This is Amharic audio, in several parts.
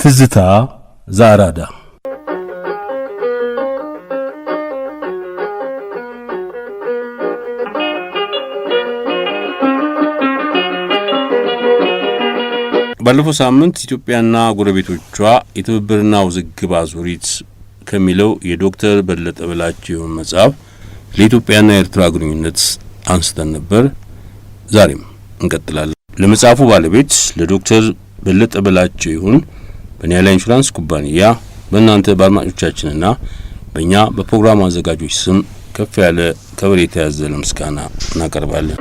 ትዝታ ዛራዳ ባለፈው ሳምንት ኢትዮጵያና ጎረቤቶቿ የትብብርና ውዝግብ አዙሪት ከሚለው የዶክተር በለጠ በላቸው መጽሐፍ ለኢትዮጵያና የኤርትራ ግንኙነት አንስተን ነበር። ዛሬም እንቀጥላለን። ለመጽሐፉ ባለቤት ለዶክተር በለጠ በላቸው ይሁን በኒያላ ኢንሹራንስ ኩባንያ በእናንተ በአድማጮቻችንና በእኛ በፕሮግራም አዘጋጆች ስም ከፍ ያለ ከበሬታ ያዘለ ምስጋና እናቀርባለን።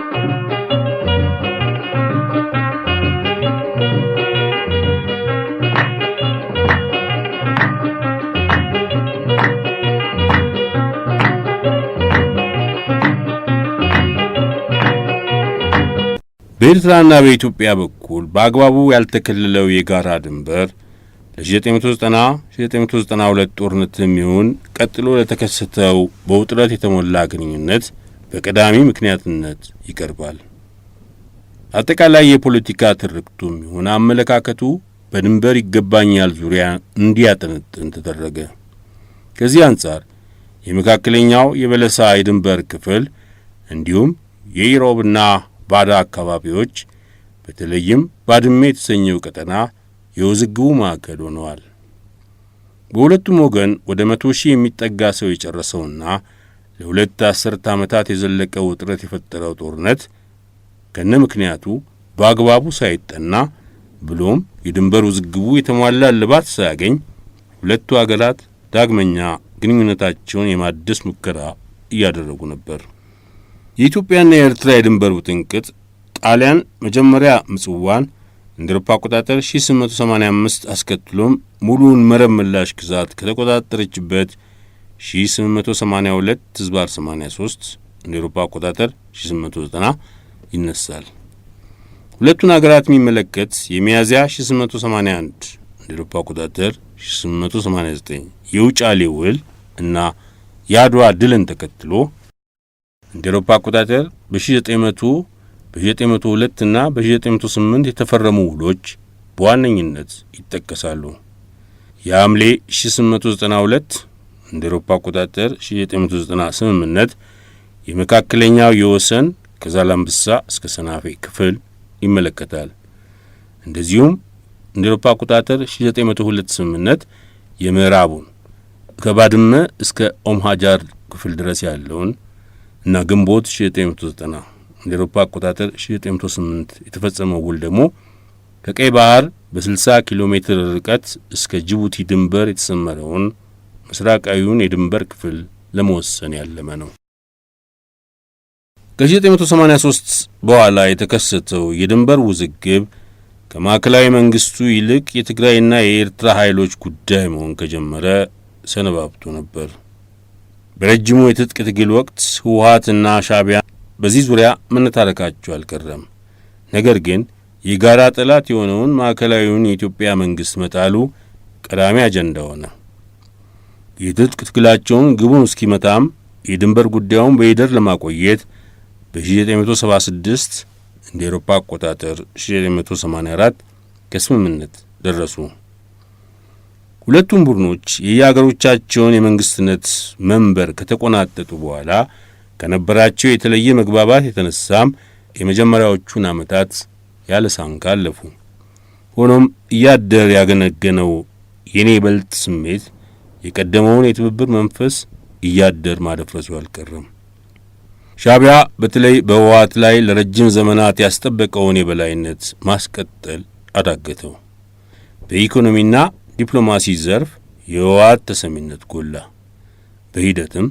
በኤርትራና በኢትዮጵያ በኩል በአግባቡ ያልተከለለው የጋራ ድንበር ለ1990-1992 ጦርነትም ቀጥሎ ለተከሰተው በውጥረት የተሞላ ግንኙነት በቀዳሚ ምክንያትነት ይቀርባል። አጠቃላይ የፖለቲካ ትርክቱም ይሁን አመለካከቱ በድንበር ይገባኛል ዙሪያ እንዲያጠነጥን ተደረገ። ከዚህ አንጻር የመካከለኛው የበለሳ የድንበር ክፍል እንዲሁም የኢሮብና ባዳ አካባቢዎች በተለይም ባድሜ የተሰኘው ቀጠና የውዝግቡ ማዕከል ሆነዋል። በሁለቱም ወገን ወደ መቶ ሺህ የሚጠጋ ሰው የጨረሰውና ለሁለት አስርት ዓመታት የዘለቀው ውጥረት የፈጠረው ጦርነት ከነ ምክንያቱ በአግባቡ ሳይጠና ብሎም የድንበር ውዝግቡ የተሟላ እልባት ሳያገኝ ሁለቱ አገራት ዳግመኛ ግንኙነታቸውን የማደስ ሙከራ እያደረጉ ነበር። የኢትዮጵያና የኤርትራ የድንበር ውጥንቅጥ ጣሊያን መጀመሪያ ምጽዋን እንደ ኤሮፓ አቆጣጠር 1885 አስከትሎም ሙሉውን መረብ ምላሽ ግዛት ከተቆጣጠረችበት 1882 ዝባር 83 እንደ ኤሮፓ አቆጣጠር 1890 ይነሳል። ሁለቱን አገራት የሚመለከት የሚያዝያ 1881 እንደ ኤሮፓ አቆጣጠር 1889 የውጫሌ ውል እና የአድዋ ድልን ተከትሎ እንደ ኤሮፓ አቆጣጠር በ1900 በ1902 እና በ1908 የተፈረሙ ውሎች በዋነኝነት ይጠቀሳሉ። የሐምሌ 1892 እንደ ኤሮፓ አቆጣጠር 1990 ስምምነት የመካከለኛው የወሰን ከዛላምብሳ እስከ ሰናፌ ክፍል ይመለከታል። እንደዚሁም እንደ ኤሮፓ አቆጣጠር 1902 ስምምነት የምዕራቡን ከባድመ እስከ ኦምሃጃር ክፍል ድረስ ያለውን እና ግንቦት 1990 እንደ ኤሮፓ አቆጣጠር 1908 የተፈጸመው ውል ደግሞ ከቀይ ባህር በ60 ኪሎ ሜትር ርቀት እስከ ጅቡቲ ድንበር የተሰመረውን ምስራቃዊውን የድንበር ክፍል ለመወሰን ያለመ ነው። ከ1983 በኋላ የተከሰተው የድንበር ውዝግብ ከማዕከላዊ መንግስቱ ይልቅ የትግራይና የኤርትራ ኃይሎች ጉዳይ መሆን ከጀመረ ሰነባብቶ ነበር። በረጅሙ የትጥቅ ትግል ወቅት ህወሀትና ሻቢያ በዚህ ዙሪያ መነታረካቸው አልቀረም። ነገር ግን የጋራ ጠላት የሆነውን ማዕከላዊውን የኢትዮጵያ መንግሥት መጣሉ ቀዳሚ አጀንዳ ሆነ። የትጥቅ ትግላቸውን ግቡን እስኪመታም የድንበር ጉዳዩን በሂደር ለማቆየት በ1976 እንደ ኤሮፓ አቆጣጠር 1984 ከስምምነት ደረሱ። ሁለቱም ቡድኖች የየአገሮቻቸውን የመንግሥትነት መንበር ከተቆናጠጡ በኋላ ከነበራቸው የተለየ መግባባት የተነሳም የመጀመሪያዎቹን ዓመታት ያለ ሳንካ አለፉ። ሆኖም እያደር ያገነገነው የኔ ይበልጥ ስሜት የቀደመውን የትብብር መንፈስ እያደር ማደፍረሱ አልቀረም። ሻቢያ በተለይ በህወሓት ላይ ለረጅም ዘመናት ያስጠበቀውን የበላይነት ማስቀጠል አዳገተው። በኢኮኖሚና ዲፕሎማሲ ዘርፍ የህወሓት ተሰሚነት ጎላ። በሂደትም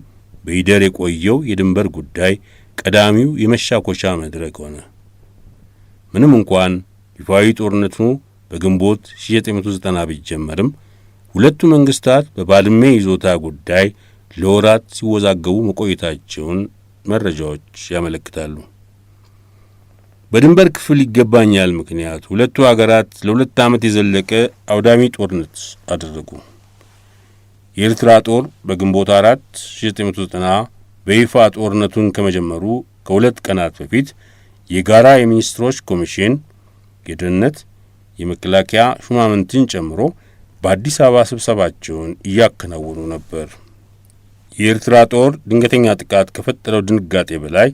በሂደር የቆየው የድንበር ጉዳይ ቀዳሚው የመሻኮሻ መድረክ ሆነ። ምንም እንኳን ይፋዊ ጦርነቱ በግንቦት 1990 ቢጀመርም ሁለቱ መንግስታት በባድሜ ይዞታ ጉዳይ ለወራት ሲወዛገቡ መቆየታቸውን መረጃዎች ያመለክታሉ። በድንበር ክፍል ይገባኛል ምክንያት ሁለቱ አገራት ለሁለት ዓመት የዘለቀ አውዳሚ ጦርነት አደረጉ። የኤርትራ ጦር በግንቦት አራት 990 በይፋ ጦርነቱን ከመጀመሩ ከሁለት ቀናት በፊት የጋራ የሚኒስትሮች ኮሚሽን የደህንነት የመከላከያ ሹማምንትን ጨምሮ በአዲስ አበባ ስብሰባቸውን እያከናወኑ ነበር። የኤርትራ ጦር ድንገተኛ ጥቃት ከፈጠረው ድንጋጤ በላይ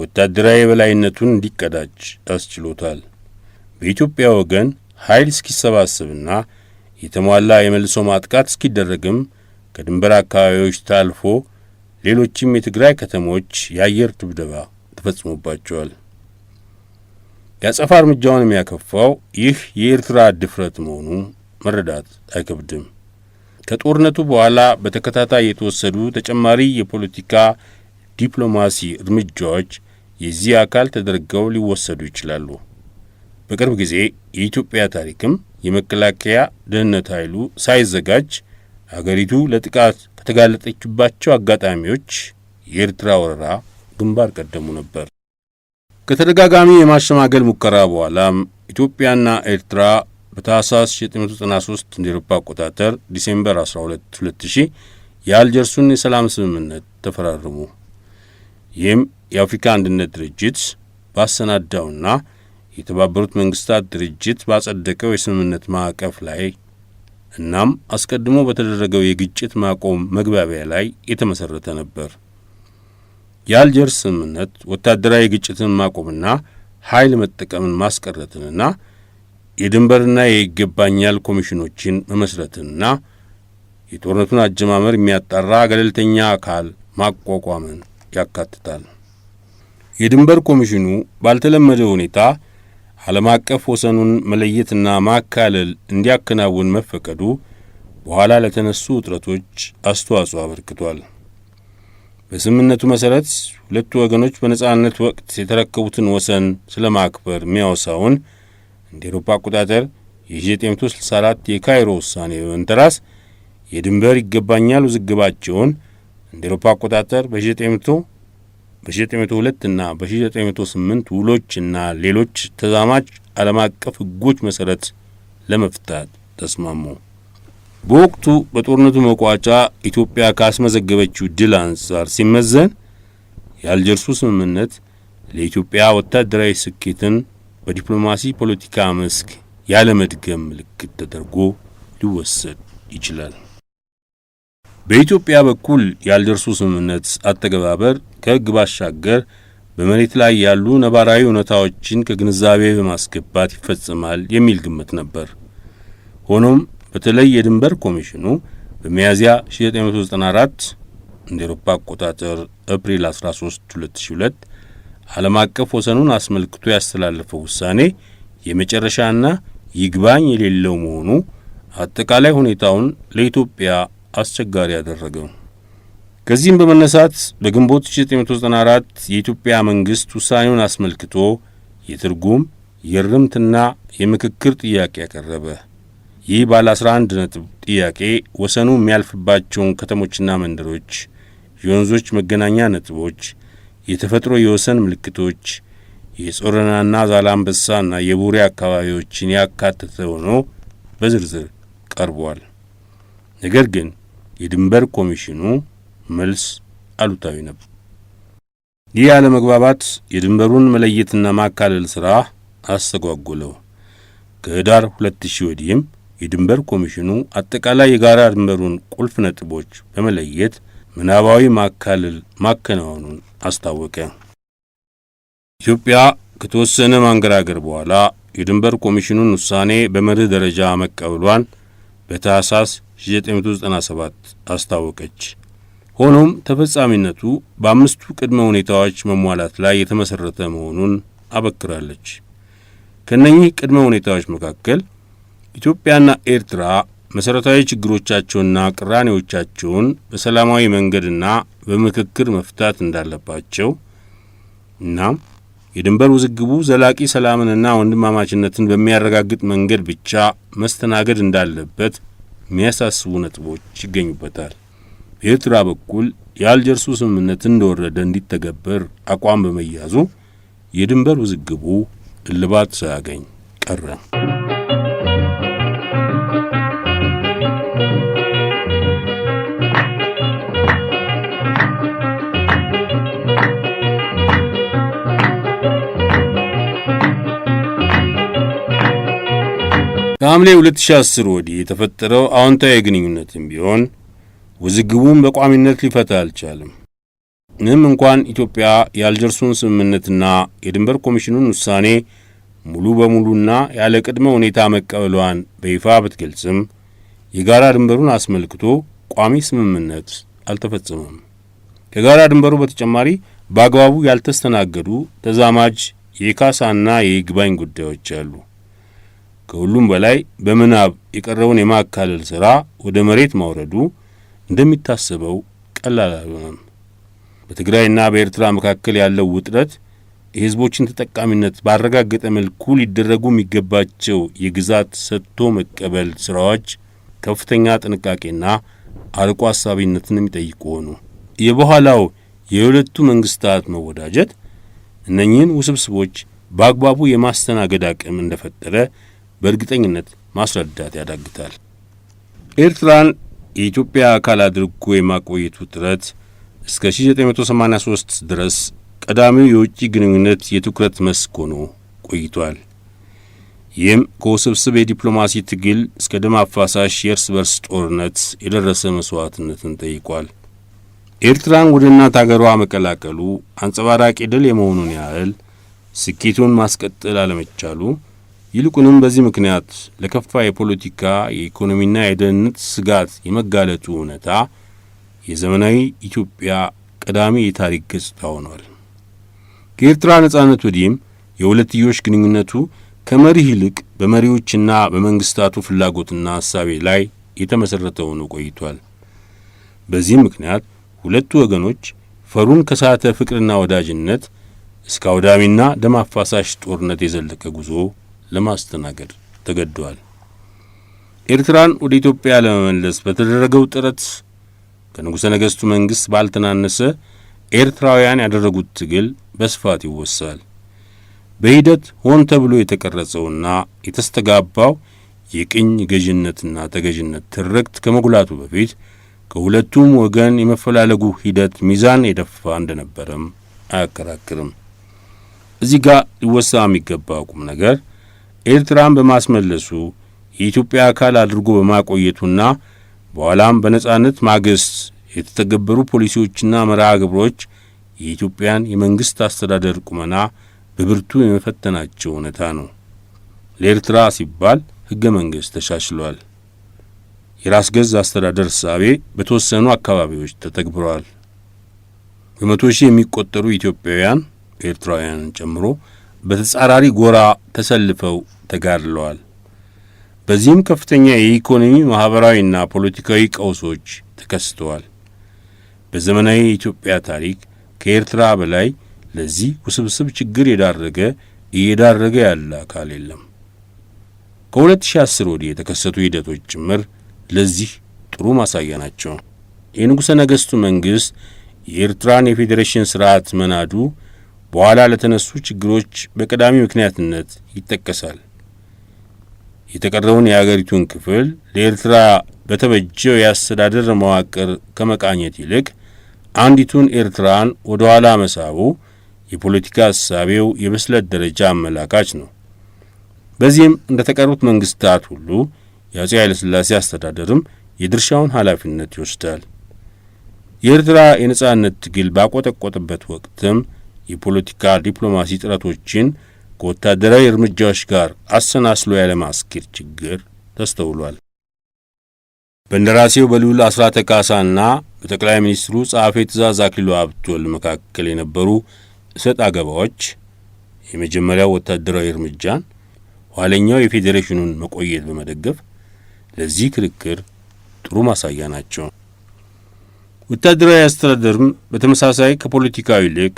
ወታደራዊ የበላይነቱን እንዲቀዳጅ አስችሎታል። በኢትዮጵያ ወገን ኃይል እስኪሰባሰብና የተሟላ የመልሶ ማጥቃት እስኪደረግም ከድንበር አካባቢዎች ታልፎ ሌሎችም የትግራይ ከተሞች የአየር ድብደባ ተፈጽሞባቸዋል። የአጸፋ እርምጃውን የሚያከፋው ይህ የኤርትራ ድፍረት መሆኑ መረዳት አይከብድም። ከጦርነቱ በኋላ በተከታታይ የተወሰዱ ተጨማሪ የፖለቲካ ዲፕሎማሲ እርምጃዎች የዚህ አካል ተደርገው ሊወሰዱ ይችላሉ። በቅርብ ጊዜ የኢትዮጵያ ታሪክም የመከላከያ ደህንነት ኃይሉ ሳይዘጋጅ አገሪቱ ለጥቃት ከተጋለጠችባቸው አጋጣሚዎች የኤርትራ ወረራ ግንባር ቀደሙ ነበር። ከተደጋጋሚ የማሸማገል ሙከራ በኋላም ኢትዮጵያና ኤርትራ በታህሳስ 1993 እንደ ኤሮፓ አቆጣጠር ዲሴምበር 12 2000 የአልጀርሱን የሰላም ስምምነት ተፈራረሙ። ይህም የአፍሪካ አንድነት ድርጅት ባሰናዳውና የተባበሩት መንግስታት ድርጅት ባጸደቀው የስምምነት ማዕቀፍ ላይ እናም አስቀድሞ በተደረገው የግጭት ማቆም መግባቢያ ላይ የተመሠረተ ነበር። የአልጀርስ ስምምነት ወታደራዊ ግጭትን ማቆምና ኃይል መጠቀምን ማስቀረትንና የድንበርና የይገባኛል ኮሚሽኖችን መመስረትንና የጦርነቱን አጀማመር የሚያጣራ ገለልተኛ አካል ማቋቋምን ያካትታል። የድንበር ኮሚሽኑ ባልተለመደ ሁኔታ ዓለም አቀፍ ወሰኑን መለየትና ማካለል እንዲያከናውን መፈቀዱ በኋላ ለተነሱ ውጥረቶች አስተዋጽኦ አበርክቷል። በስምምነቱ መሠረት ሁለቱ ወገኖች በነጻነት ወቅት የተረከቡትን ወሰን ስለ ማክበር የሚያወሳውን እንደ ኤሮፓ አቆጣጠር የ1964 የካይሮ ውሳኔ በመንተራስ የድንበር ይገባኛል ውዝግባቸውን እንደ ኤሮፓ አቆጣጠር በ19 በ1902 እና በ1908 ውሎችና ሌሎች ተዛማች ዓለም አቀፍ ሕጎች መሠረት ለመፍታት ተስማሙ። በወቅቱ በጦርነቱ መቋጫ ኢትዮጵያ ካስመዘገበችው ድል አንጻር ሲመዘን የአልጀርሱ ስምምነት ለኢትዮጵያ ወታደራዊ ስኬትን በዲፕሎማሲ ፖለቲካ መስክ ያለመድገም ምልክት ተደርጎ ሊወሰድ ይችላል። በኢትዮጵያ በኩል ያልደርሱ ስምምነት አተገባበር ከሕግ ባሻገር በመሬት ላይ ያሉ ነባራዊ እውነታዎችን ከግንዛቤ በማስገባት ይፈጽማል የሚል ግምት ነበር። ሆኖም በተለይ የድንበር ኮሚሽኑ በሚያዝያ 1994 እንደ ኤሮፓ አቆጣጠር ኤፕሪል 13 2002 ዓለም አቀፍ ወሰኑን አስመልክቶ ያስተላለፈው ውሳኔ የመጨረሻና ይግባኝ የሌለው መሆኑ አጠቃላይ ሁኔታውን ለኢትዮጵያ አስቸጋሪ ያደረገው። ከዚህም በመነሳት በግንቦት 1994 የኢትዮጵያ መንግሥት ውሳኔውን አስመልክቶ የትርጉም የርምትና የምክክር ጥያቄ ያቀረበ። ይህ ባለ 11 ነጥብ ጥያቄ ወሰኑ የሚያልፍባቸውን ከተሞችና መንደሮች፣ የወንዞች መገናኛ ነጥቦች፣ የተፈጥሮ የወሰን ምልክቶች፣ የጾረናና ዛላምበሳና የቡሬ አካባቢዎችን ያካተተ ሆኖ በዝርዝር ቀርቧል። ነገር ግን የድንበር ኮሚሽኑ መልስ አሉታዊ ነበር። ይህ አለመግባባት የድንበሩን መለየትና ማካለል ሥራ አስተጓጎለው። ከህዳር 2000 ወዲህም የድንበር ኮሚሽኑ አጠቃላይ የጋራ ድንበሩን ቁልፍ ነጥቦች በመለየት ምናባዊ ማካለል ማከናወኑን አስታወቀ። ኢትዮጵያ ከተወሰነ ማንገራገር በኋላ የድንበር ኮሚሽኑን ውሳኔ በመርህ ደረጃ መቀበሏን በታህሳስ አስታወቀች። ሆኖም ተፈጻሚነቱ በአምስቱ ቅድመ ሁኔታዎች መሟላት ላይ የተመሠረተ መሆኑን አበክራለች። ከእነኚህ ቅድመ ሁኔታዎች መካከል ኢትዮጵያና ኤርትራ መሠረታዊ ችግሮቻቸውና ቅራኔዎቻቸውን በሰላማዊ መንገድና በምክክር መፍታት እንዳለባቸው እና የድንበር ውዝግቡ ዘላቂ ሰላምንና ወንድማማችነትን በሚያረጋግጥ መንገድ ብቻ መስተናገድ እንዳለበት የሚያሳስቡ ነጥቦች ይገኙበታል። በኤርትራ በኩል የአልጀርሱ ስምምነት እንደወረደ እንዲተገበር አቋም በመያዙ የድንበር ውዝግቡ እልባት ሳያገኝ ቀረ። ከሐምሌ 2010 ወዲህ የተፈጠረው አዎንታዊ ግንኙነትም ቢሆን ውዝግቡን በቋሚነት ሊፈታ አልቻለም። ምንም እንኳን ኢትዮጵያ የአልጀርሱን ስምምነትና የድንበር ኮሚሽኑን ውሳኔ ሙሉ በሙሉና ያለ ቅድመ ሁኔታ መቀበሏን በይፋ ብትገልጽም የጋራ ድንበሩን አስመልክቶ ቋሚ ስምምነት አልተፈጸመም። ከጋራ ድንበሩ በተጨማሪ በአግባቡ ያልተስተናገዱ ተዛማጅ የካሳና የይግባኝ ጉዳዮች አሉ። ከሁሉም በላይ በምናብ የቀረውን የማካለል ሥራ ወደ መሬት ማውረዱ እንደሚታሰበው ቀላል አልሆነም። በትግራይና በኤርትራ መካከል ያለው ውጥረት የሕዝቦችን ተጠቃሚነት ባረጋገጠ መልኩ ሊደረጉ የሚገባቸው የግዛት ሰጥቶ መቀበል ሥራዎች ከፍተኛ ጥንቃቄና አርቆ አሳቢነትን የሚጠይቁ ሆኑ። የበኋላው የሁለቱ መንግሥታት መወዳጀት እነኚህን ውስብስቦች በአግባቡ የማስተናገድ አቅም እንደፈጠረ በእርግጠኝነት ማስረዳት ያዳግታል። ኤርትራን የኢትዮጵያ አካል አድርጎ የማቆየቱ ጥረት እስከ 1983 ድረስ ቀዳሚው የውጭ ግንኙነት የትኩረት መስክ ሆኖ ቆይቷል። ይህም ከውስብስብ የዲፕሎማሲ ትግል እስከ ደም አፋሳሽ የእርስ በርስ ጦርነት የደረሰ መሥዋዕትነትን ጠይቋል። ኤርትራን ወደ እናት አገሯ መቀላቀሉ አንጸባራቂ ድል የመሆኑን ያህል ስኬቱን ማስቀጠል አለመቻሉ ይልቁንም በዚህ ምክንያት ለከፋ የፖለቲካ የኢኮኖሚና የደህንነት ስጋት የመጋለጡ እውነታ የዘመናዊ ኢትዮጵያ ቀዳሚ የታሪክ ገጽታ ሆኗል። ከኤርትራ ነጻነት ወዲህም የሁለትዮሽ ግንኙነቱ ከመሪህ ይልቅ በመሪዎችና በመንግስታቱ ፍላጎትና ሐሳቤ ላይ የተመሠረተ ሆኖ ቆይቷል። በዚህም ምክንያት ሁለቱ ወገኖች ፈሩን ከሳተ ፍቅርና ወዳጅነት እስከ አውዳሚና ደም አፋሳሽ ጦርነት የዘለቀ ጉዞ ለማስተናገድ ተገደዋል። ኤርትራን ወደ ኢትዮጵያ ለመመለስ በተደረገው ጥረት ከንጉሠ ነገሥቱ መንግሥት ባልተናነሰ ኤርትራውያን ያደረጉት ትግል በስፋት ይወሳል። በሂደት ሆን ተብሎ የተቀረጸውና የተስተጋባው የቅኝ ገዥነትና ተገዥነት ትርክት ከመጉላቱ በፊት ከሁለቱም ወገን የመፈላለጉ ሂደት ሚዛን የደፋ እንደነበረም አያከራክርም። እዚህ ጋር ሊወሳ የሚገባ ቁም ነገር ኤርትራን በማስመለሱ የኢትዮጵያ አካል አድርጎ በማቆየቱና በኋላም በነጻነት ማግስት የተተገበሩ ፖሊሲዎችና መርሃ ግብሮች የኢትዮጵያን የመንግሥት አስተዳደር ቁመና በብርቱ የመፈተናቸው እውነታ ነው። ለኤርትራ ሲባል ሕገ መንግሥት ተሻሽሏል። የራስ ገዝ አስተዳደር እሳቤ በተወሰኑ አካባቢዎች ተተግብረዋል። በመቶ ሺህ የሚቆጠሩ ኢትዮጵያውያን ኤርትራውያንን ጨምሮ በተጻራሪ ጎራ ተሰልፈው ተጋድለዋል። በዚህም ከፍተኛ የኢኮኖሚ ማኅበራዊና ፖለቲካዊ ቀውሶች ተከስተዋል። በዘመናዊ የኢትዮጵያ ታሪክ ከኤርትራ በላይ ለዚህ ውስብስብ ችግር የዳረገ እየዳረገ ያለ አካል የለም። ከ2010 ወዲህ የተከሰቱ ሂደቶች ጭምር ለዚህ ጥሩ ማሳያ ናቸው። የንጉሠ ነገሥቱ መንግሥት የኤርትራን የፌዴሬሽን ሥርዓት መናዱ በኋላ ለተነሱ ችግሮች በቀዳሚ ምክንያትነት ይጠቀሳል። የተቀረውን የአገሪቱን ክፍል ለኤርትራ በተበጀው የአስተዳደር መዋቅር ከመቃኘት ይልቅ አንዲቱን ኤርትራን ወደ ኋላ መሳቡ የፖለቲካ እሳቤው የብስለት ደረጃ አመላካች ነው። በዚህም እንደ ተቀሩት መንግሥታት ሁሉ የአፄ ሥላሴ አስተዳደርም የድርሻውን ኃላፊነት ይወስዳል። የኤርትራ የነጻነት ትግል ባቆጠቆጠበት ወቅትም የፖለቲካ ዲፕሎማሲ ጥረቶችን ከወታደራዊ እርምጃዎች ጋር አሰናስሎ ያለማስኬድ ችግር ተስተውሏል። በእንደራሴው በልዑል አስራተ ካሳና በጠቅላይ ሚኒስትሩ ጸሐፌ ትእዛዝ አክሊሉ ሀብተወልድ መካከል የነበሩ እሰጥ አገባዎች የመጀመሪያው ወታደራዊ እርምጃን፣ ኋለኛው የፌዴሬሽኑን መቆየት በመደገፍ ለዚህ ክርክር ጥሩ ማሳያ ናቸው። ወታደራዊ አስተዳደርም በተመሳሳይ ከፖለቲካዊ ይልቅ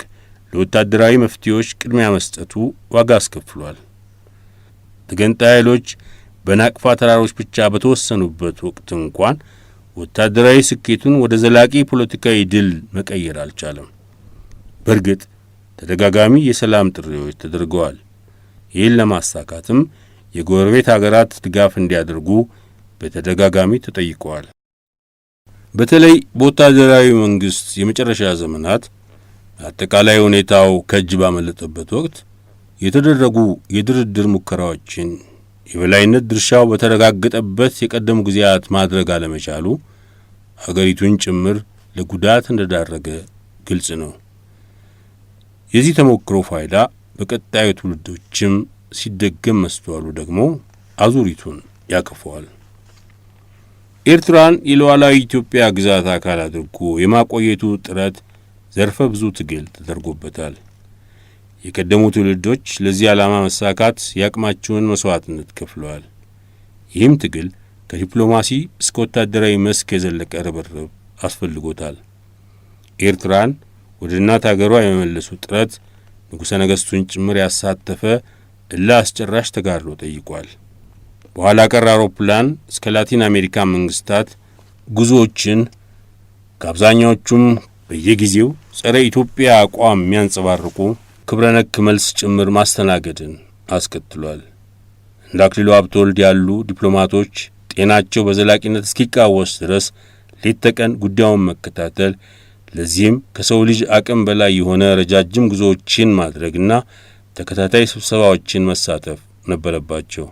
ለወታደራዊ መፍትሄዎች ቅድሚያ መስጠቱ ዋጋ አስከፍሏል። ተገንጣይ ኃይሎች በናቅፋ ተራሮች ብቻ በተወሰኑበት ወቅት እንኳን ወታደራዊ ስኬቱን ወደ ዘላቂ ፖለቲካዊ ድል መቀየር አልቻለም። በእርግጥ ተደጋጋሚ የሰላም ጥሪዎች ተደርገዋል። ይህን ለማሳካትም የጎረቤት አገራት ድጋፍ እንዲያደርጉ በተደጋጋሚ ተጠይቀዋል። በተለይ በወታደራዊ መንግሥት የመጨረሻ ዘመናት አጠቃላይ ሁኔታው ከእጅ ባመለጠበት ወቅት የተደረጉ የድርድር ሙከራዎችን የበላይነት ድርሻው በተረጋገጠበት የቀደሙ ጊዜያት ማድረግ አለመቻሉ አገሪቱን ጭምር ለጉዳት እንደዳረገ ግልጽ ነው። የዚህ ተሞክሮ ፋይዳ በቀጣዩ ትውልዶችም ሲደገም መስተዋሉ ደግሞ አዙሪቱን ያክፈዋል። ኤርትራን የሉዓላዊ ኢትዮጵያ ግዛት አካል አድርጎ የማቆየቱ ጥረት ዘርፈ ብዙ ትግል ተደርጎበታል። የቀደሙ ትውልዶች ለዚህ ዓላማ መሳካት የአቅማቸውን መሥዋዕትነት ከፍለዋል። ይህም ትግል ከዲፕሎማሲ እስከ ወታደራዊ መስክ የዘለቀ ርብርብ አስፈልጎታል። ኤርትራን ወደ እናት አገሯ የመመለሱ ጥረት ንጉሠ ነገሥቱን ጭምር ያሳተፈ እልህ አስጨራሽ ተጋድሎ ጠይቋል። በኋላ ቀር አውሮፕላን እስከ ላቲን አሜሪካ መንግስታት ጉዞዎችን ከአብዛኛዎቹም በየጊዜው ጸረ ኢትዮጵያ አቋም የሚያንጸባርቁ ክብረ ነክ መልስ ጭምር ማስተናገድን አስከትሏል። እንደ አክሊሉ ሀብተወልድ ያሉ ዲፕሎማቶች ጤናቸው በዘላቂነት እስኪቃወስ ድረስ ሌት ተቀን ጉዳዩን መከታተል ለዚህም ከሰው ልጅ አቅም በላይ የሆነ ረጃጅም ጉዞዎችን ማድረግና ተከታታይ ስብሰባዎችን መሳተፍ ነበረባቸው።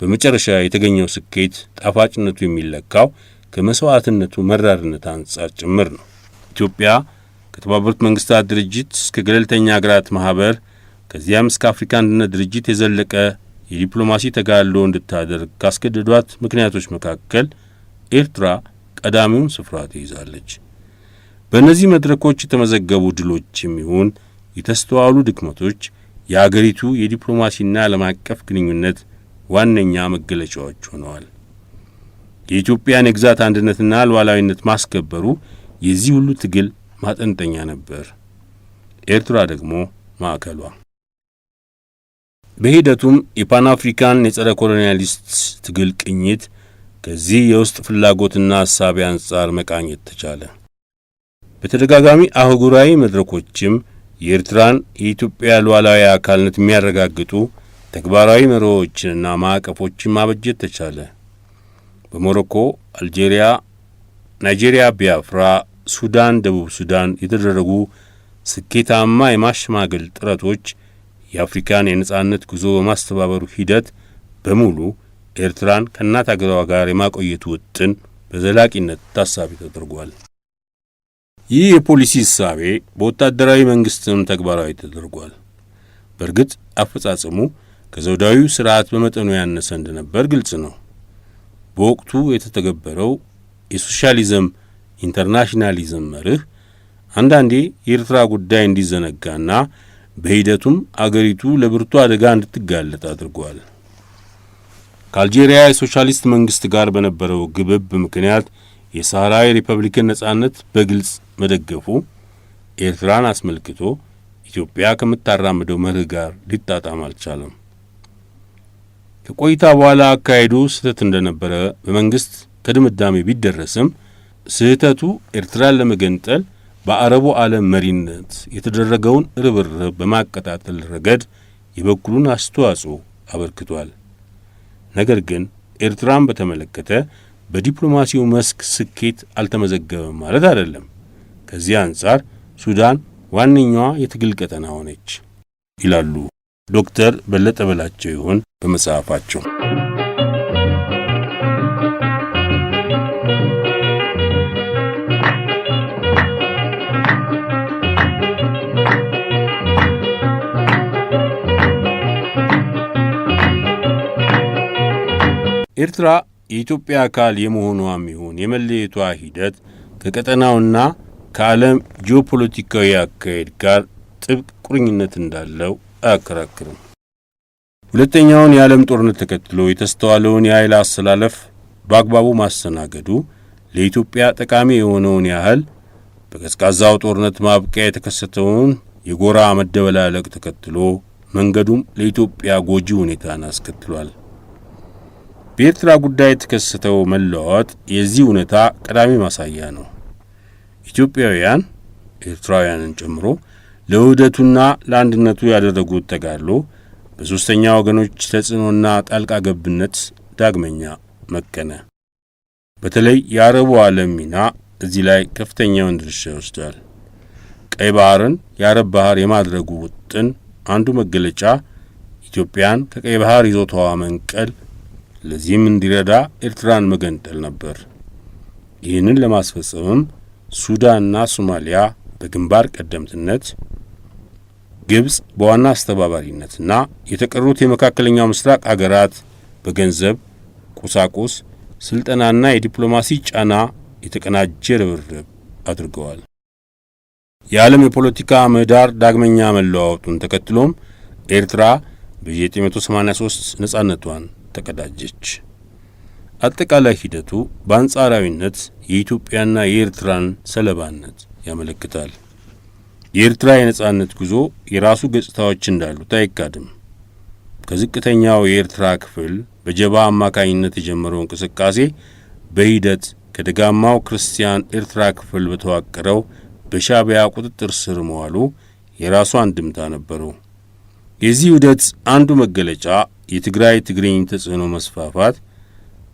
በመጨረሻ የተገኘው ስኬት ጣፋጭነቱ የሚለካው ከመሥዋዕትነቱ መራርነት አንጻር ጭምር ነው። ኢትዮጵያ ከተባበሩት መንግስታት ድርጅት እስከ ገለልተኛ አገራት ማህበር ከዚያም እስከ አፍሪካ አንድነት ድርጅት የዘለቀ የዲፕሎማሲ ተጋድሎ እንድታደርግ ካስገደዷት ምክንያቶች መካከል ኤርትራ ቀዳሚውን ስፍራ ትይዛለች። በእነዚህ መድረኮች የተመዘገቡ ድሎች የሚሆን የተስተዋሉ ድክመቶች የአገሪቱ የዲፕሎማሲና ዓለም አቀፍ ግንኙነት ዋነኛ መገለጫዎች ሆነዋል። የኢትዮጵያን የግዛት አንድነትና ሉዓላዊነት ማስከበሩ የዚህ ሁሉ ትግል ማጠንጠኛ ነበር። ኤርትራ ደግሞ ማዕከሏ። በሂደቱም የፓን አፍሪካን የጸረ ኮሎኒያሊስት ትግል ቅኝት ከዚህ የውስጥ ፍላጎትና ሐሳቢ አንጻር መቃኘት ተቻለ። በተደጋጋሚ አህጉራዊ መድረኮችም የኤርትራን የኢትዮጵያ ሉዓላዊ አካልነት የሚያረጋግጡ ተግባራዊ መርሆዎችንና ማዕቀፎችን ማበጀት ተቻለ። በሞሮኮ፣ አልጄሪያ፣ ናይጄሪያ፣ ቢያፍራ፣ ሱዳን፣ ደቡብ ሱዳን የተደረጉ ስኬታማ የማሸማገል ጥረቶች የአፍሪካን የነጻነት ጉዞ በማስተባበሩ ሂደት በሙሉ ኤርትራን ከእናት አገሯ ጋር የማቆየቱ ውጥን በዘላቂነት ታሳቢ ተደርጓል። ይህ የፖሊሲ እሳቤ በወታደራዊ መንግሥትም ተግባራዊ ተደርጓል። በእርግጥ አፈጻጸሙ ከዘውዳዊው ሥርዓት በመጠኑ ያነሰ እንደነበር ግልጽ ነው። በወቅቱ የተተገበረው የሶሻሊዝም ኢንተርናሽናሊዝም መርህ አንዳንዴ የኤርትራ ጉዳይ እንዲዘነጋና በሂደቱም አገሪቱ ለብርቱ አደጋ እንድትጋለጥ አድርጓል። ከአልጄሪያ የሶሻሊስት መንግሥት ጋር በነበረው ግብብ ምክንያት የሳህራዊ ሪፐብሊክን ነጻነት በግልጽ መደገፉ ኤርትራን አስመልክቶ ኢትዮጵያ ከምታራምደው መርህ ጋር ሊጣጣም አልቻለም። ከቆይታ በኋላ አካሄዱ ስህተት እንደነበረ በመንግሥት ከድምዳሜ ቢደረስም ስህተቱ ኤርትራን ለመገንጠል በአረቡ ዓለም መሪነት የተደረገውን ርብርብ በማቀጣጠል ረገድ የበኩሉን አስተዋጽኦ አበርክቷል። ነገር ግን ኤርትራን በተመለከተ በዲፕሎማሲው መስክ ስኬት አልተመዘገበም ማለት አይደለም። ከዚህ አንጻር ሱዳን ዋነኛዋ የትግል ቀጠና ሆነች ይላሉ ዶክተር በለጠ በላቸው ይሆን በመጽሐፋቸው። ኤርትራ የኢትዮጵያ አካል የመሆኗም ይሁን የመለየቷ ሂደት ከቀጠናውና ከዓለም ጂኦፖለቲካዊ አካሄድ ጋር ጥብቅ ቁርኝነት እንዳለው አያከራክርም። ሁለተኛውን የዓለም ጦርነት ተከትሎ የተስተዋለውን የኃይል አሰላለፍ በአግባቡ ማስተናገዱ ለኢትዮጵያ ጠቃሚ የሆነውን ያህል በቀዝቃዛው ጦርነት ማብቂያ የተከሰተውን የጎራ መደበላለቅ ተከትሎ መንገዱም ለኢትዮጵያ ጎጂ ሁኔታን አስከትሏል። በኤርትራ ጉዳይ የተከሰተው መለዋወጥ የዚህ እውነታ ቀዳሚ ማሳያ ነው። ኢትዮጵያውያን ኤርትራውያንን ጨምሮ ለውህደቱና ለአንድነቱ ያደረጉት ተጋድሎ በሦስተኛ ወገኖች ተጽዕኖና ጣልቃ ገብነት ዳግመኛ መከነ። በተለይ የአረቡ ዓለም ሚና እዚህ ላይ ከፍተኛውን ድርሻ ይወስዳል። ቀይ ባህርን የአረብ ባህር የማድረጉ ውጥን አንዱ መገለጫ ኢትዮጵያን ከቀይ ባህር ይዞታዋ መንቀል ለዚህም እንዲረዳ ኤርትራን መገንጠል ነበር። ይህንን ለማስፈጸምም ሱዳንና ሶማሊያ በግንባር ቀደምትነት፣ ግብፅ በዋና አስተባባሪነትና የተቀሩት የመካከለኛው ምስራቅ አገራት በገንዘብ ቁሳቁስ፣ ስልጠናና የዲፕሎማሲ ጫና የተቀናጀ ርብርብ አድርገዋል። የዓለም የፖለቲካ ምህዳር ዳግመኛ መለዋወጡን ተከትሎም ኤርትራ በ1983 ነጻነቷን ተቀዳጀች። አጠቃላይ ሂደቱ በአንጻራዊነት የኢትዮጵያና የኤርትራን ሰለባነት ያመለክታል። የኤርትራ የነጻነት ጉዞ የራሱ ገጽታዎች እንዳሉት አይካድም። ከዝቅተኛው የኤርትራ ክፍል በጀባ አማካኝነት የጀመረው እንቅስቃሴ በሂደት ከደጋማው ክርስቲያን ኤርትራ ክፍል በተዋቀረው በሻቢያ ቁጥጥር ስር መዋሉ የራሱ አንድምታ ነበረው። የዚህ ውደት አንዱ መገለጫ የትግራይ ትግርኝ ተጽዕኖ መስፋፋት፣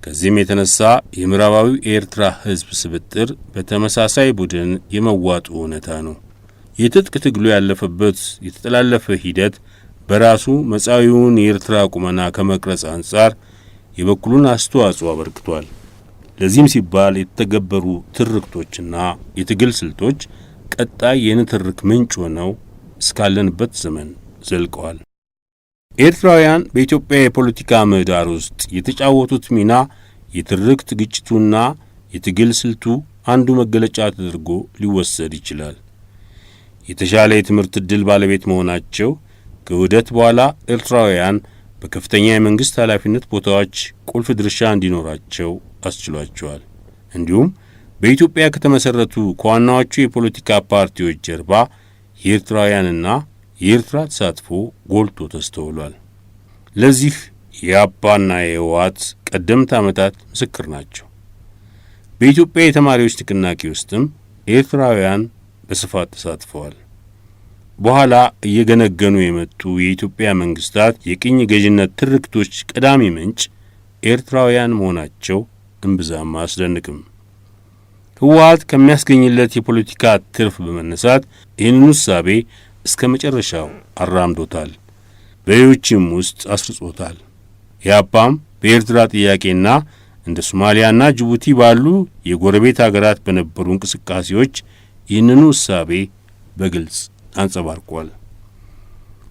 ከዚህም የተነሳ የምዕራባዊ ኤርትራ ሕዝብ ስብጥር በተመሳሳይ ቡድን የመዋጡ እውነታ ነው። የትጥቅ ትግሉ ያለፈበት የተጠላለፈ ሂደት በራሱ መጻዊውን የኤርትራ ቁመና ከመቅረጽ አንጻር የበኩሉን አስተዋጽኦ አበርክቷል። ለዚህም ሲባል የተተገበሩ ትርክቶችና የትግል ስልቶች ቀጣይ የንትርክ ምንጭ ሆነው እስካለንበት ዘመን ዘልቀዋል። ኤርትራውያን በኢትዮጵያ የፖለቲካ ምህዳር ውስጥ የተጫወቱት ሚና የትርክት ግጭቱና የትግል ስልቱ አንዱ መገለጫ ተደርጎ ሊወሰድ ይችላል። የተሻለ የትምህርት ዕድል ባለቤት መሆናቸው ከውህደት በኋላ ኤርትራውያን በከፍተኛ የመንግሥት ኃላፊነት ቦታዎች ቁልፍ ድርሻ እንዲኖራቸው አስችሏቸዋል። እንዲሁም በኢትዮጵያ ከተመሠረቱ ከዋናዎቹ የፖለቲካ ፓርቲዎች ጀርባ የኤርትራውያንና የኤርትራ ተሳትፎ ጎልቶ ተስተውሏል። ለዚህ የአባና የህወሓት ቀደምት ዓመታት ምስክር ናቸው። በኢትዮጵያ የተማሪዎች ንቅናቄ ውስጥም ኤርትራውያን በስፋት ተሳትፈዋል። በኋላ እየገነገኑ የመጡ የኢትዮጵያ መንግስታት የቅኝ ገዥነት ትርክቶች ቀዳሚ ምንጭ ኤርትራውያን መሆናቸው እምብዛም አያስደንቅም። ህወሓት ከሚያስገኝለት የፖለቲካ ትርፍ በመነሳት ይህንን ውሳቤ እስከ መጨረሻው አራምዶታል፣ በሌሎችም ውስጥ አስርጾታል። ኢህአፓም በኤርትራ ጥያቄና እንደ ሶማሊያና ጅቡቲ ባሉ የጎረቤት አገራት በነበሩ እንቅስቃሴዎች ይህንኑ እሳቤ በግልጽ አንጸባርቋል።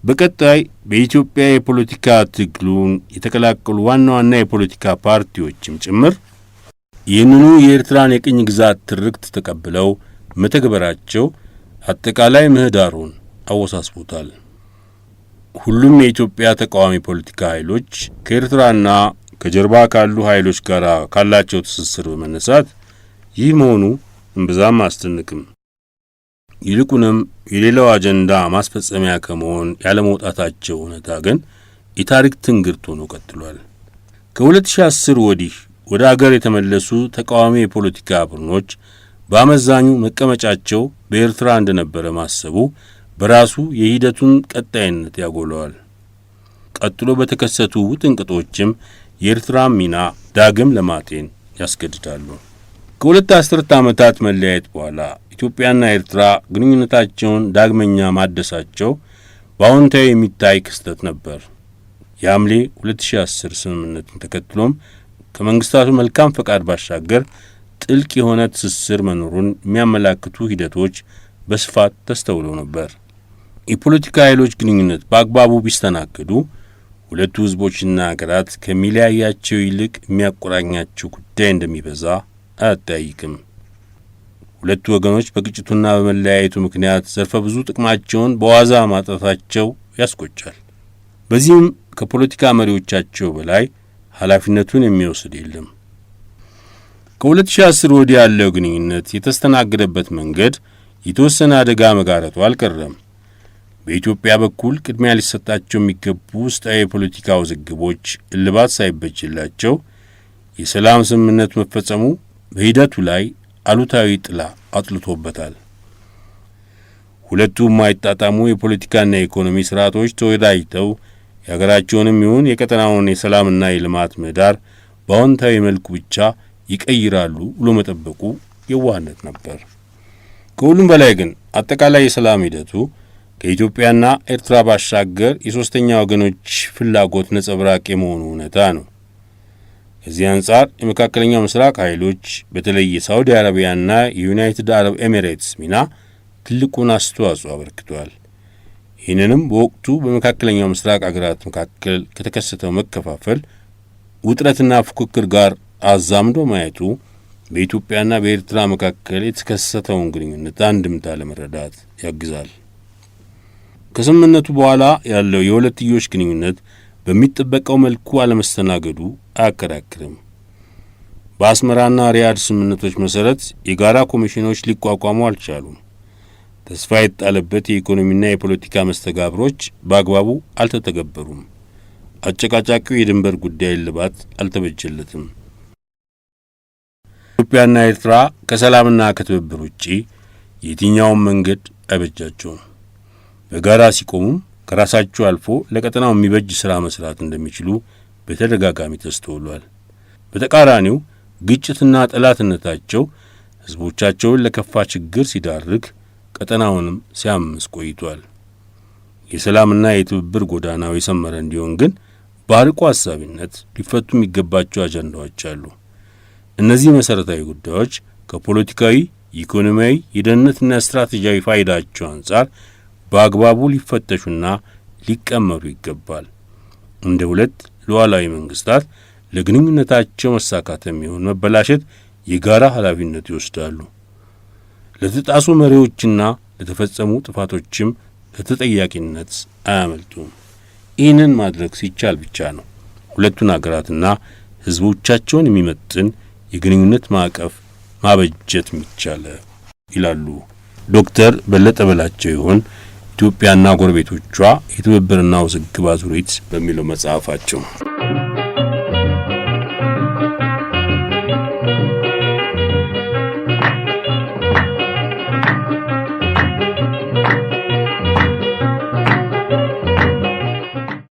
በቀጣይ በኢትዮጵያ የፖለቲካ ትግሉን የተቀላቀሉ ዋና ዋና የፖለቲካ ፓርቲዎችም ጭምር ይህንኑ የኤርትራን የቅኝ ግዛት ትርክት ተቀብለው መተግበራቸው አጠቃላይ ምህዳሩን አወሳስቦታል። ሁሉም የኢትዮጵያ ተቃዋሚ ፖለቲካ ኃይሎች ከኤርትራና ከጀርባ ካሉ ኃይሎች ጋር ካላቸው ትስስር በመነሳት ይህ መሆኑ እምብዛም አስደንቅም ይልቁንም የሌላው አጀንዳ ማስፈጸሚያ ከመሆን ያለመውጣታቸው እውነታ ግን የታሪክ ትንግርት ሆኖ ቀጥሏል። ከ2010 ወዲህ ወደ አገር የተመለሱ ተቃዋሚ የፖለቲካ ቡድኖች በአመዛኙ መቀመጫቸው በኤርትራ እንደነበረ ማሰቡ በራሱ የሂደቱን ቀጣይነት ያጎለዋል። ቀጥሎ በተከሰቱ ውጥንቅጦችም የኤርትራ ሚና ዳግም ለማጤን ያስገድዳሉ። ከሁለት አስርት ዓመታት መለያየት በኋላ ኢትዮጵያና ኤርትራ ግንኙነታቸውን ዳግመኛ ማደሳቸው በአዎንታዊ የሚታይ ክስተት ነበር። የሐምሌ 2010 ስምምነትን ተከትሎም ከመንግስታቱ መልካም ፈቃድ ባሻገር ጥልቅ የሆነ ትስስር መኖሩን የሚያመላክቱ ሂደቶች በስፋት ተስተውለው ነበር። የፖለቲካ ኃይሎች ግንኙነት በአግባቡ ቢስተናገዱ ሁለቱ ህዝቦችና አገራት ከሚለያያቸው ይልቅ የሚያቆራኛቸው ጉዳይ እንደሚበዛ አያጠያይቅም። ሁለቱ ወገኖች በግጭቱና በመለያየቱ ምክንያት ዘርፈ ብዙ ጥቅማቸውን በዋዛ ማጣታቸው ያስቆጫል። በዚህም ከፖለቲካ መሪዎቻቸው በላይ ኃላፊነቱን የሚወስድ የለም። ከ2010 ወዲህ ያለው ግንኙነት የተስተናገደበት መንገድ የተወሰነ አደጋ መጋረጡ አልቀረም። በኢትዮጵያ በኩል ቅድሚያ ሊሰጣቸው የሚገቡ ውስጣዊ የፖለቲካ ውዝግቦች እልባት ሳይበጅላቸው የሰላም ስምምነት መፈጸሙ በሂደቱ ላይ አሉታዊ ጥላ አጥልቶበታል። ሁለቱ የማይጣጣሙ የፖለቲካና የኢኮኖሚ ስርዓቶች ተወዳጅተው የሀገራቸውንም ይሁን የቀጠናውን የሰላምና የልማት ምህዳር በአዎንታዊ መልኩ ብቻ ይቀይራሉ ብሎ መጠበቁ የዋህነት ነበር። ከሁሉም በላይ ግን አጠቃላይ የሰላም ሂደቱ ከኢትዮጵያና ኤርትራ ባሻገር የሦስተኛ ወገኖች ፍላጎት ነጸብራቅ የመሆኑ እውነታ ነው። ከዚህ አንጻር የመካከለኛው ምስራቅ ኃይሎች በተለይ የሳውዲ አረቢያና የዩናይትድ አረብ ኤሚሬትስ ሚና ትልቁን አስተዋጽኦ አበርክቷል። ይህንንም በወቅቱ በመካከለኛው ምስራቅ አገራት መካከል ከተከሰተው መከፋፈል ውጥረትና ፉክክር ጋር አዛምዶ ማየቱ በኢትዮጵያና በኤርትራ መካከል የተከሰተውን ግንኙነት አንድምታ ለመረዳት ያግዛል። ከስምምነቱ በኋላ ያለው የሁለትዮሽ ግንኙነት በሚጠበቀው መልኩ አለመስተናገዱ አያከራክርም። በአስመራና ሪያድ ስምምነቶች መሠረት የጋራ ኮሚሽኖች ሊቋቋሙ አልቻሉም። ተስፋ የተጣለበት የኢኮኖሚና የፖለቲካ መስተጋብሮች በአግባቡ አልተተገበሩም። አጨቃጫቂው የድንበር ጉዳይ እልባት አልተበጀለትም። ኢትዮጵያና ኤርትራ ከሰላምና ከትብብር ውጪ የትኛውን መንገድ አይበጃቸውም። በጋራ ሲቆሙም ከራሳቸው አልፎ ለቀጠናው የሚበጅ ሥራ መስራት እንደሚችሉ በተደጋጋሚ ተስተውሏል። በተቃራኒው ግጭትና ጠላትነታቸው ሕዝቦቻቸውን ለከፋ ችግር ሲዳርግ ቀጠናውንም ሲያምስ ቆይቷል። የሰላምና የትብብር ጎዳናው የሰመረ እንዲሆን ግን በአርቆ ሐሳቢነት ሊፈቱ የሚገባቸው አጀንዳዎች አሉ። እነዚህ መሠረታዊ ጉዳዮች ከፖለቲካዊ፣ ኢኮኖሚያዊ፣ የደህንነትና ስትራቴጂያዊ ፋይዳቸው አንጻር በአግባቡ ሊፈተሹና ሊቀመሩ ይገባል። እንደ ሁለት ሉዓላዊ መንግስታት ለግንኙነታቸው መሳካት የሚሆን መበላሸት የጋራ ኃላፊነት ይወስዳሉ። ለተጣሱ መሪዎችና ለተፈጸሙ ጥፋቶችም ለተጠያቂነት አያመልጡም። ይህንን ማድረግ ሲቻል ብቻ ነው ሁለቱን አገራትና ሕዝቦቻቸውን የሚመጥን የግንኙነት ማዕቀፍ ማበጀት የሚቻለ ይላሉ ዶክተር በለጠ በላቸው ይሆን ኢትዮጵያና ጎረቤቶቿ የትብብርና ውዝግብ አዙሪት በሚለው መጽሐፋቸው